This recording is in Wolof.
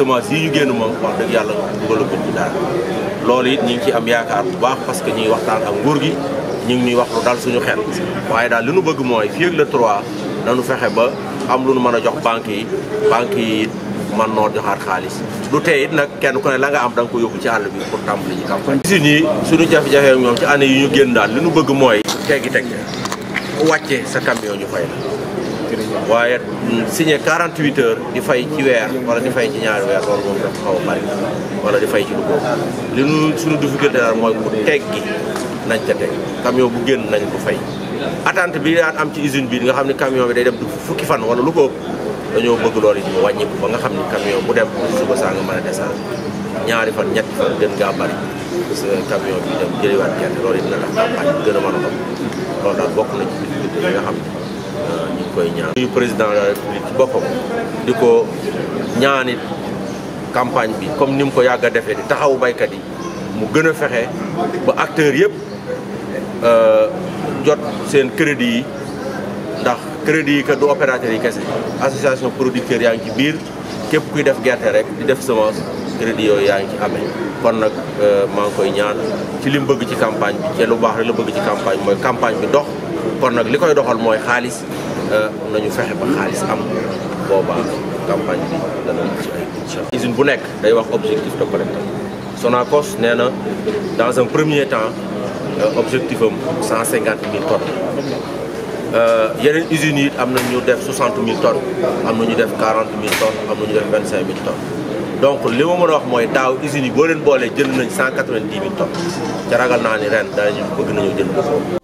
semence yi ñu moom wax dëgg yàlla dugal ko ci dara loolu it ñu ngi ci am yaakaar bu baax parce que ñu ngi waxtaan ak nguur gi ñu ngi ñuy wax lu dal suñu xel waaye daal li nu bëgg mooy fii le 3 nañu fexe ba am lu nu mën a jox banque yi banque yi man noo joxaat xaalis lu tey nag kenn ku ne la nga am da ko yóbbu ci àll bi pour tàmbali ji campagne suñu jafe-jafe ñoom ci année yi ñu génn daal li nu bëgg mooy teggi teg wàccee sa camion ñu fay la waaye signé 48 heures di fay ci weer wala di fay ci ñaari weer loolu moom dafa xaw bari wala di fay ci lu boobu li nu suñu difficulté daal mooy ku teggi nañ ca teg camion bu génn nañ ko fay attente bi daan am ci usine bi nga xam ne camion bi day dem fukki fan wala lu ko ëpp dañoo bëgg loolu yi ñu wàññiku ba nga xam ne camion bu dem suba saa nga mën a ñaari fan ñetti fan gën ngaa bari parce camion bi dem jëliwaat kenn loolu it na tax campagne bi gën a mën a xam na ci nga xam ñu ngi koy ñaan. nuyu président la république ci boppam di ko ñaanit campagne bi comme ni mu ko yàgg a defee di taxaw baykat yi mu gën a fexe ba acteur yëpp euh, jot seen crédit yi ndax crédit yi ka du opérateur yi kese association producteurs yaa ngi ci biir képp kuy def gerte rek di def semence crédit yooyu yaa ngi ci amee kon nag euh, maa ngi koy ñaan ci li mu bëgg ci campagne bi te lu baax rek la bëgg ci campagne mooy campagne bi dox kon nag li koy doxal mooy xaalis euh, nañu fexe ba xaalis am boobaa campagne bi dana ci ay usine bu nekk day wax objectif de collecte Sonacos nee na dans un premier temps euh, objectif am 150 000 tonnes euh, yeneen usines yi am na ñu def 60 000 tonnes am na ñu def 40 000 tonnes am na ñu def 25 000 tonnes donc li ma a wax mooy daaw usines yi boo boolee jënd nañ 190 000 tonnes ca ragal naa ni ren daañu bëgg nañoo jënd ko